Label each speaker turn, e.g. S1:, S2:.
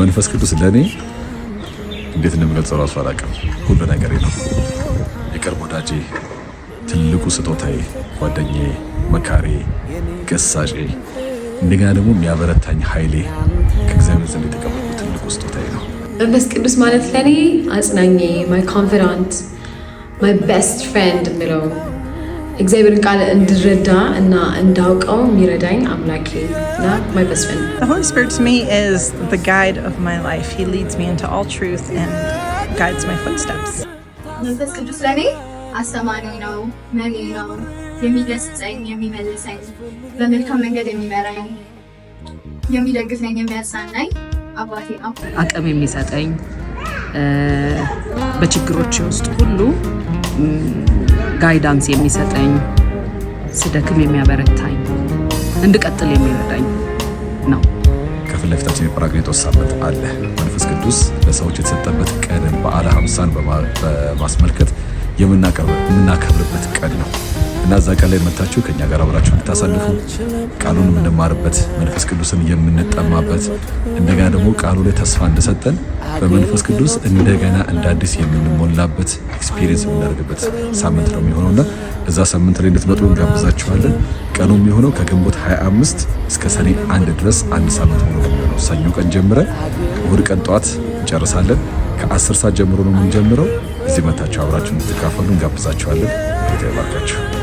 S1: መንፈስ ቅዱስ ለእኔ እንዴት እንደምገልጸው ራሱ አላውቅም። ሁሉ ነገሬ ነው። የቅርብ ወዳጄ፣ ትልቁ ስጦታዬ፣ ጓደኛዬ፣ መካሬ፣ ገሳጬ፣ እንደገና ደግሞ የሚያበረታኝ ኃይሌ ከእግዚአብሔር ዘንድ የተቀበልኩ ትልቁ ስጦታዬ ነው።
S2: መንፈስ ቅዱስ ማለት ለእኔ አጽናኜ፣ ማይ ኮንፊዳንት፣ ማይ ቤስት ፍሬንድ የምለው እግዚአብሔርን ቃል እንድረዳ እና እንዳውቀው የሚረዳኝ አምላኬ እና መንፈስ ነው።
S3: The Holy Spirit to me is the guide of my life. He leads me into all truth and guides my footsteps.
S4: መንፈስ ቅዱስ ለእኔ አስተማሪ ነው፣ መሪ ነው፣ የሚገስጸኝ፣ የሚመልሰኝ፣ በመልካም መንገድ የሚመራኝ፣ የሚደግፈኝ፣ የሚያጽናናኝ አባቴ ነው።
S5: አቅም የሚሰጠኝ በችግሮች ውስጥ ሁሉ ጋይዳንስ የሚሰጠኝ ስደክም የሚያበረታኝ እንድቀጥል የሚረዳኝ ነው።
S1: ከፊት ለፊታችን የጰራቅሊጦስ ሳምንት አለ። መንፈስ ቅዱስ ለሰዎች የተሰጠበት ቀን በዓለ ሃምሳን በማስመልከት የምናከብርበት ቀን ነው። እና እዛ ቀን ላይ መታችሁ ከኛ ጋር አብራችሁ እንድታሳልፉ ቃሉን የምንማርበት መንፈስ ቅዱስን የምንጠማበት እንደገና ደግሞ ቃሉ ላይ ተስፋ እንደሰጠን በመንፈስ ቅዱስ እንደገና እንደ አዲስ የምንሞላበት ኤክስፒሪየንስ የምናደርግበት ሳምንት ነው የሚሆነው እና እዛ ሳምንት ላይ እንድትመጡ እንጋብዛችኋለን። ቀኑ የሚሆነው ከግንቦት 25 እስከ ሰኔ አንድ ድረስ አንድ ሳምንት ሆኖ የሚሆነው ሰኞ ቀን ጀምረ እሁድ ቀን ጠዋት እንጨርሳለን። ከአስር ሰዓት ጀምሮ ነው የምንጀምረው። እዚህ መታችሁ አብራችሁ እንድትካፈሉ እንጋብዛችኋለን። ጌታ ይባርካችሁ።